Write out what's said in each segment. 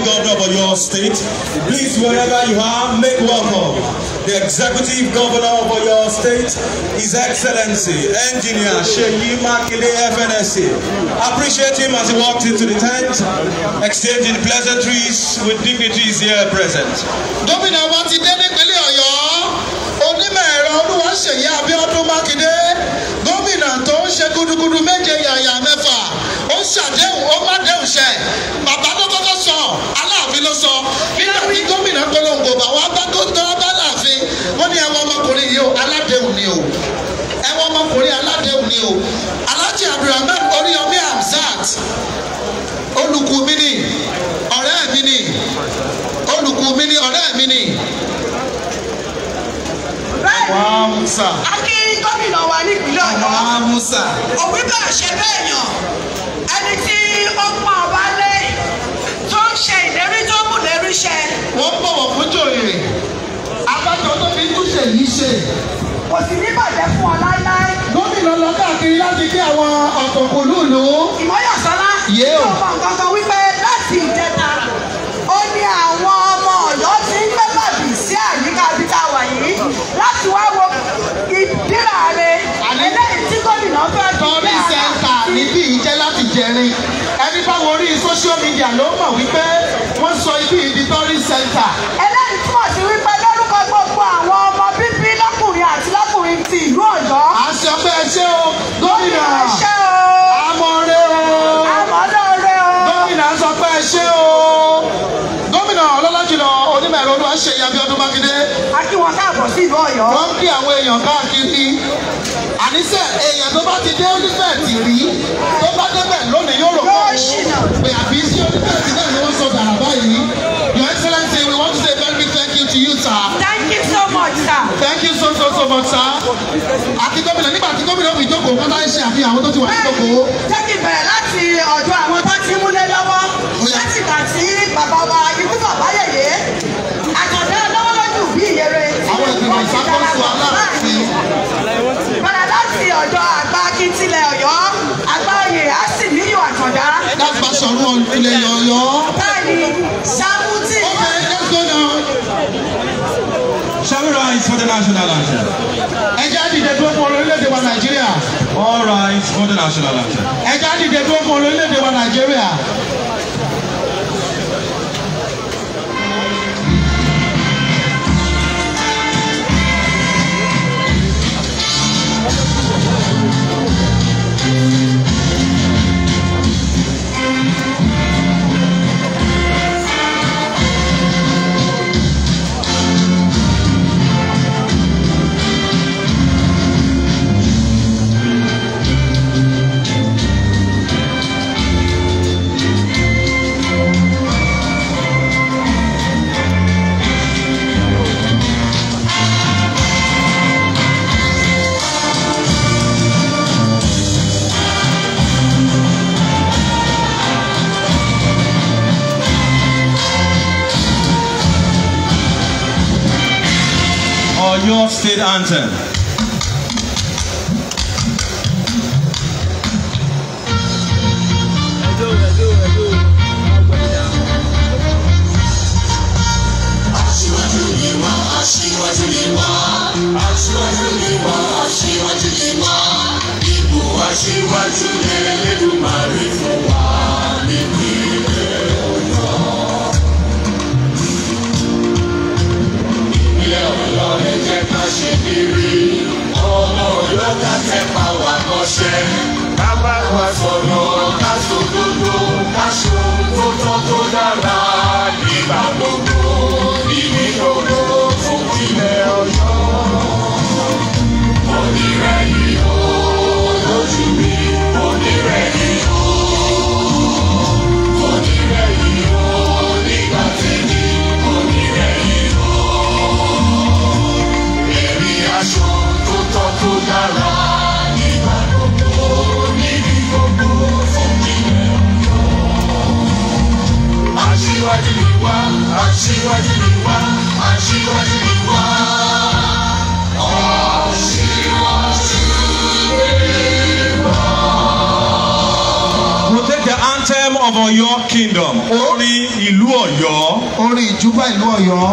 Governor of your state, please, wherever you are, make welcome the Executive Governor of your state, His Excellency, Engineer Sheyi Makinde FNSC. Appreciate him as he walked into the tent, exchanging pleasantries with dignitaries here present. Gómìnà wa Musa. a kí gómìnà wa nípínlẹ̀ Ọ̀yọ́. Mama Musa. òwe bẹ́ẹ̀ ṣe bẹ́ẹ̀ yàn ẹni tí ó pọn ọba lẹ́yìn tó ń ṣe ìlérí tó mú lérí ṣẹ. wọ́n bọ̀wọ̀ fún jòyè abájọ tó fi túnṣe yìí ṣe. kò sì ní bàjẹ́ fún ọ láíláí. gómìnà lọ káàkiri láti kí àwọn ọ̀tọ̀kùlù lò ó. ìmọ̀yàsọ́lá. yé o. nǹkan kan wípé jẹrin ẹni bá wo orí social media ló mọ̀ wípé wọ́n sọ ibi ìdí tọ́rí center. eléyìí túmọ̀ sí wípé lórúkọ gbogbo àwọn ọmọ bíbí lọ́kùnrin àti lọ́kùnrin ti ìlú ọ̀yọ́. a ṣe ọpẹ́ ẹ ṣé o gómìnà amọ̀re o amọ̀lọ́re o gómìnà sọ pé ẹ ṣé o gómìnà ọlọ́lá jùlọ onímọ̀ ẹ̀rọ olúwa ṣèyí abíọ́dún mákindé. a kí wọn káàbọ̀ sí ìlú ọ̀yọ́. wọ́n ń kí àwọn èèyàn káàkiri àníṣe èèyàn tó bá ti dé onífẹ̀tì rí tó bá débẹ̀ lónìí yóò rò pé àbí sí onífẹ̀tì náà ni wọ́n sọ dàrà báyìí your excellency we want to say very big thank you to you sir. thank you so much sir. thank you so so so much sir. àti gómìnà nígbà tí gómìnà fi jókòó kọ́tà ń ṣe àfihàn àwọn tó ti wà ní jókòó. jẹ́ bẹ̀rẹ̀ láti ọ̀dọ̀ àwọn tó ti múlẹ̀ lọ́wọ́ láti gbà sí bàbá wa ikú bàbá yẹ̀yẹ́ àtọ̀dá lọ́wọ́lọ́jù bí ìyẹrẹ. àwọn ìgbìmọ̀ ìṣàkóso aláàfin ilẹ̀ ọ̀yọ́ agbáyé àsìmíyò àkàndá. láti sọ̀rọ̀ ilẹ̀ ọ̀yọ́. báyìí sábùtì. okay let's go now. shall we rise for the national anthem. ẹ jẹ́ àdìdẹ́ tó fún orílẹ̀-èdè wa nàìjíríà. all rise for the national anthem. ẹ jẹ́ àdìdẹ́ tó fún orílẹ̀-èdè wa nàìjíríà. your state anthem. I do, I do, I do. Aṣíwájú ni wá, aṣíwájú ni wá, aṣíwájú ni wá, aṣíwájú ni wá, ipò aṣíwájú lẹ́lẹ́dùn máa rí fún wa. ṣe kiri ọmọ ọlọ́ta tẹ́ pa wà mọ́ṣẹ́ ká bá wa sọ̀rọ̀ ká sòdodo ká ṣe ohun tó tọ́ tó dára nígbà gbogbo. aṣíwájú ni wá aṣíwájú ni wá aṣíwájú ni wá. the anthem of Ọ̀yọ́ kingdom. Orin ìlú Ọ̀yọ́. Orin ìjúbà ìlú Ọ̀yọ́.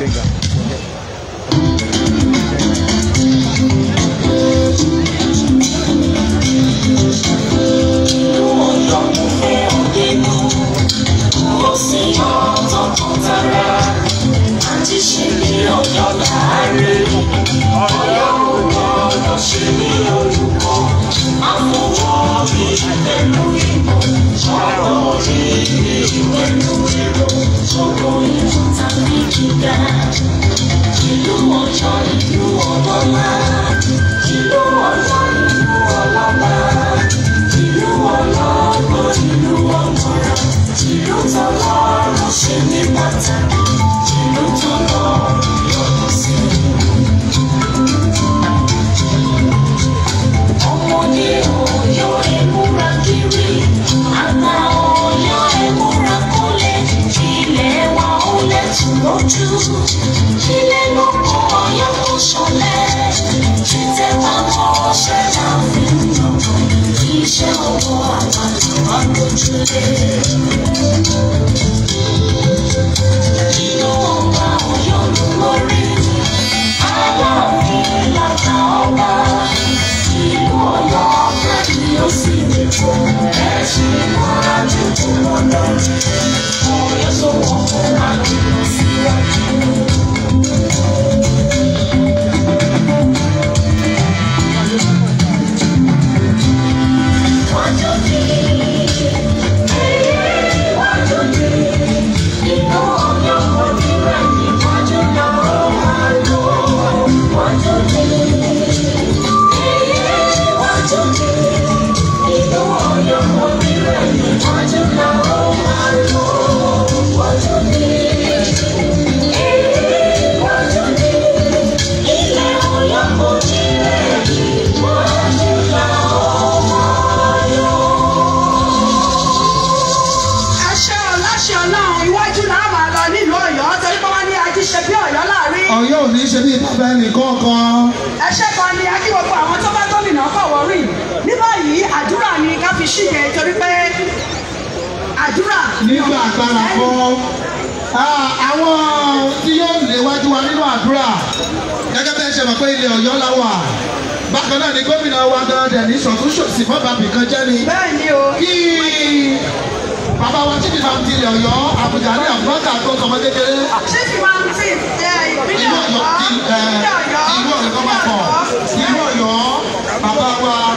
Venga. E Thank you. 竹，一帘幕，我也不说泪。谁在花丛下，风中，一笑我满腹春雷。ṣe bí bàbá ẹnì kọ̀ọ̀kan. ẹ̀ṣẹ̀ kan ni a kí gbogbo àwọn tó bá gómìnà fọwọ́ rí ní báyìí àdúrà ni ká fi ṣíde torí pé àdúrà. nígbà agbára kọ́ àwọn tí yóò léwájú wa nínú àdúrà gẹ́gẹ́ bẹ́ẹ̀ ṣe mọ̀ pé ilẹ̀ Ọ̀yọ́ la wà bákan náà ni gómìnà wa gan-an dẹ̀ ní sọ̀túnṣòsì fún bàbí kan jẹ́ ni. bẹ́ẹ̀ ni o. kí bàbá wa chief imamtiri Ọ̀yọ́ Àbújá ní àbúrọ́tà tó tọmọ kékeré. chief imamtiri ìpínlẹ̀ Ọ̀yọ́ ìlú Ọ̀yọ́ ìlú Ọ̀yọ́ bàbá wa.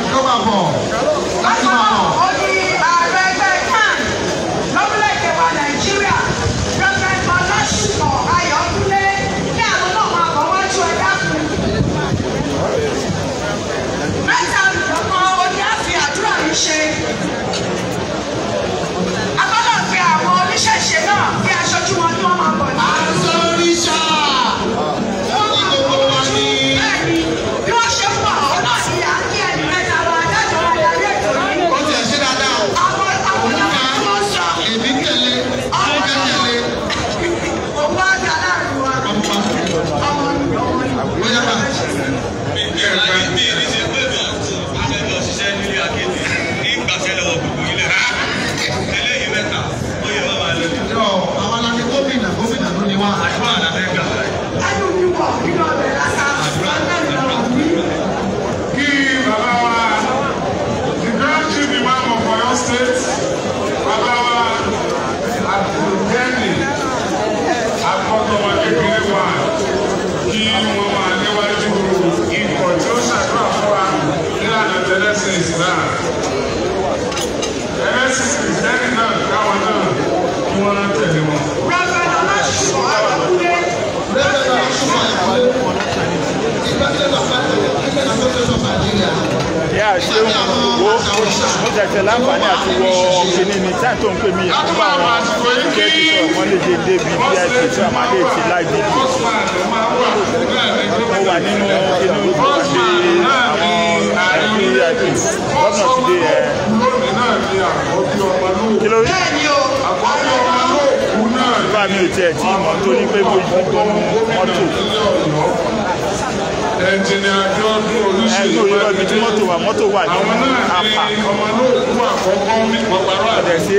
tẹ̀tẹ̀ láǹfààní àti wọ kìíní ni táì tó ń pè mí yẹn fún báwọn ẹgbẹ́ ti sọ̀rọ̀ wọ́n lè dé débi vip tí a máa lè ti láì dé bí. mo wà nínú inú ìpàdé àwọn vip gómìnà ti dé ẹ. kí ló rí? bá mi ò tiẹ̀ tí ìmọ̀ tó ní pé bóyá gbọ́n mọ́tò ẹnjìnì àjọ̀dún olùsèlú mọ́tò wà mọ́tò wà ó bá jẹ́ ní gómìnà òkèdè sí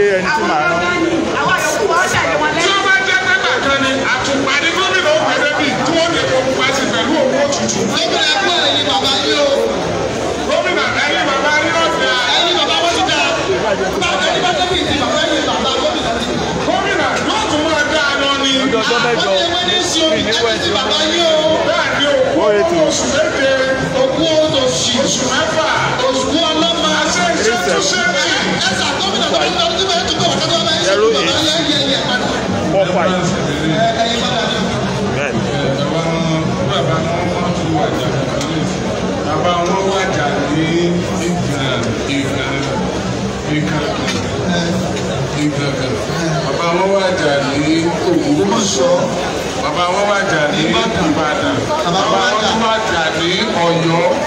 bàbá yín o fún four five. wọn ti wájà ní òwúrọ̀ sọ bàbá wọn wàjà ní Ìbàdàn bàbá wọn tún wàjà ní Ọ̀yọ́.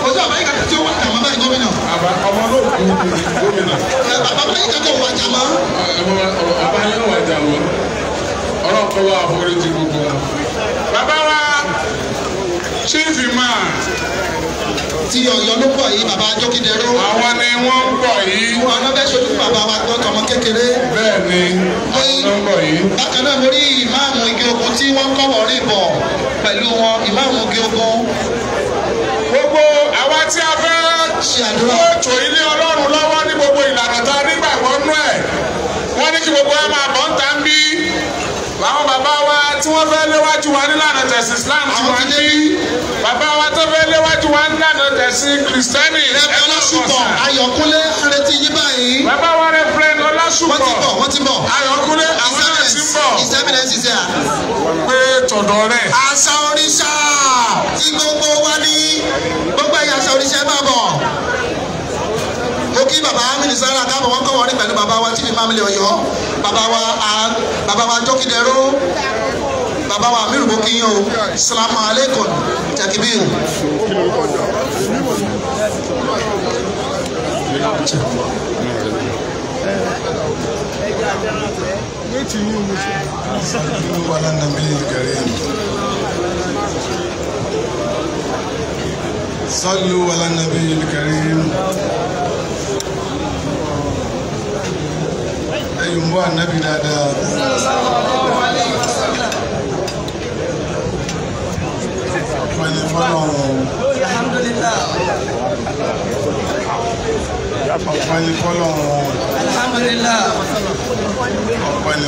ojú àbáyé kàkà tí ó wàjà mọ́ báyìí gómìnà. àbá ọmọ ló kú gómìnà. bàbá báyìí kàkà wàjà mọ́. bàbá yóò wàjà mọ́ ọlọ́pàá wa àforíjì gbogbo wọn. bàbá wa chief imam ti Ọ̀yọ́ ló pọ̀ yìí bàbá jókèdè ró. àwọn ni wọn ń pọ̀ yìí. wọn lọ bẹ sojú bàbá wa gbọ́ tọmọ kékeré bẹ́ẹ̀ ni nọ́mbà yìí. bákan náà mo ìmáàmù igi ogun tí wọ́n kọ́wọ́ rí bọ̀ pẹ̀lú wọn ìmáàmù igi ogun. gbogbo àwa tí a fẹ́ ṣètò ilé ọlọ́run lọ́wọ́ ní gbogbo ìlànà tá nígbàgbọ́ nú ẹ̀ wọ́n ní kí gbogbo ẹ máa bọ̀ ń ta bí làwọn bàbá wa tí wọ́n fẹ́ léwájú wa nílànà tẹ̀sí Islam tí wọ́n ní bàbá wa tó fẹ́ léwájú wa nílànà tẹ̀sí kìrìsìtẹ́nì ẹ̀ lọ́sùpọ̀ Ayọ̀kúnlé arètí yí báyìí. bàbá wa ọ̀dọ̀ rẹ̀. àṣà òrìṣà tí gbogbo wa ní gbogbo ẹ̀yà àṣà òrìṣà máa bọ̀. mo kí bàbá amínú sára dábọ̀ wọ́n kọ́ wọ́n rí pẹ̀lú bàbá wa tí mi máa mílẹ̀ ọ̀yọ́ bàbá wa bàbá wa jókìdẹ̀rú bàbá wa amínú mo kí yín o salamu aleykum jakibiru. Thank you. Wait على النبي الكريم You want النبي be Karim. صلوا على النبي الكريم أيها النبي نادى الحمد لله ọ̀pẹ́ ni kọ́lọ́hún. alhamdulillah. ọ̀pẹ́ ni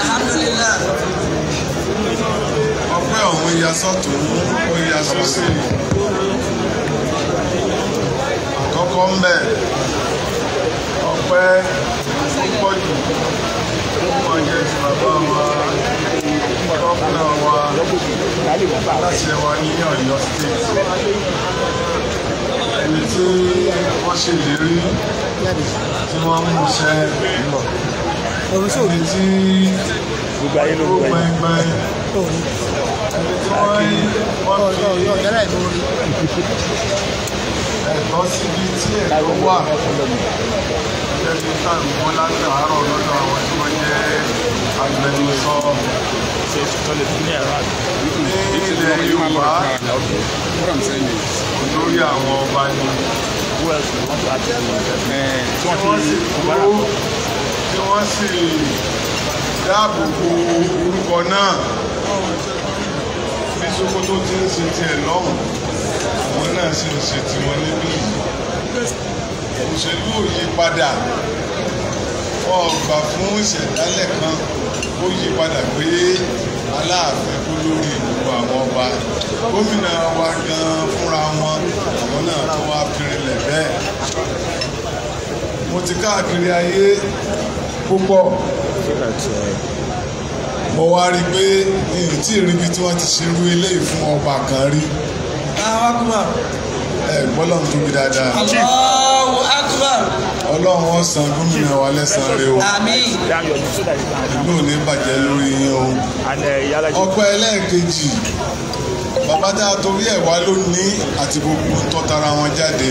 alhamdulillah. ọ̀pẹ́ ọ̀hún ya sọ́tún ó ya sọ́sì. àkọ́kọ́ ń bẹ̀ ọ̀pẹ́ púpọ̀ jù púpọ̀ jẹ́ ti bàbá wa gómìnà wa láti ẹwà ní Ọ̀yọ́ state ẹni tí wọ́n ṣèlérí tí wọ́n mú ṣẹ ẹni ẹni tí wọ́n rí wọ́n síbi tí ẹ̀tọ́ wà ẹni tá à ń láti àárọ̀ lọ́dọ̀ àwọn tí wọ́n jẹ́ agbẹnusọ ní ilẹ̀ Yorùbá olórí àwọn ọba ni kó ẹ̀sùn wọn tó àti ẹ̀sùn tí wọ́n ti kúrò tí wọ́n sì dáàbò bo orúkọ náà bí Sokoto ti ń ṣe tiẹ̀ lọ́hùn àwọn náà sì ń ṣe tiwọn níbí òṣèlú ò yí padà ọgbà fún ìṣẹ̀dálẹ̀ kan ó yí padà pé Aláàfin kó lórí gómìnà wa gan fúnra wọn àwọn náà tó wá pirinlẹ̀ bẹ́ẹ̀ mo ti káàkiri ayé púpọ̀ mo wá rí i pé èyí tí ìrìbí tí wọ́n ti ṣerú eléyìí fún ọba kan rí. ẹ gbọ́dọ̀ ń tóbi dáadáa. Allahu Akbar. ọlọ́run ó san gómìnà wa lẹ́sàn-án rẹ o. àmín. ìlú ò ní bàjẹ́ lórí yín o. ọpẹ́ ẹlẹ́ẹ̀kejì ọba tá a torí ẹ̀ wá lónìí àti gbogbo tó tara wọn jáde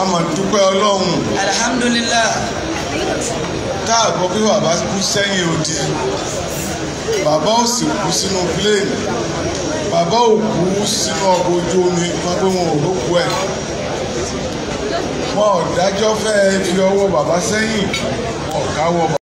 a máa dúpẹ́ ọlọ́run. alhamdulillah. tá a gbọ́ pé bàbá kú sẹ́yìn odi bàbá ò sì kú sínú plane bàbá ò kú sínú ọkọ̀ ojú omi wọn pé wọn ò lóko ẹ̀ wọn ò dájọ́ fẹ́ẹ́ fi ọwọ́ bàbá sẹ́yìn ọ̀gáwọ́ bàbá.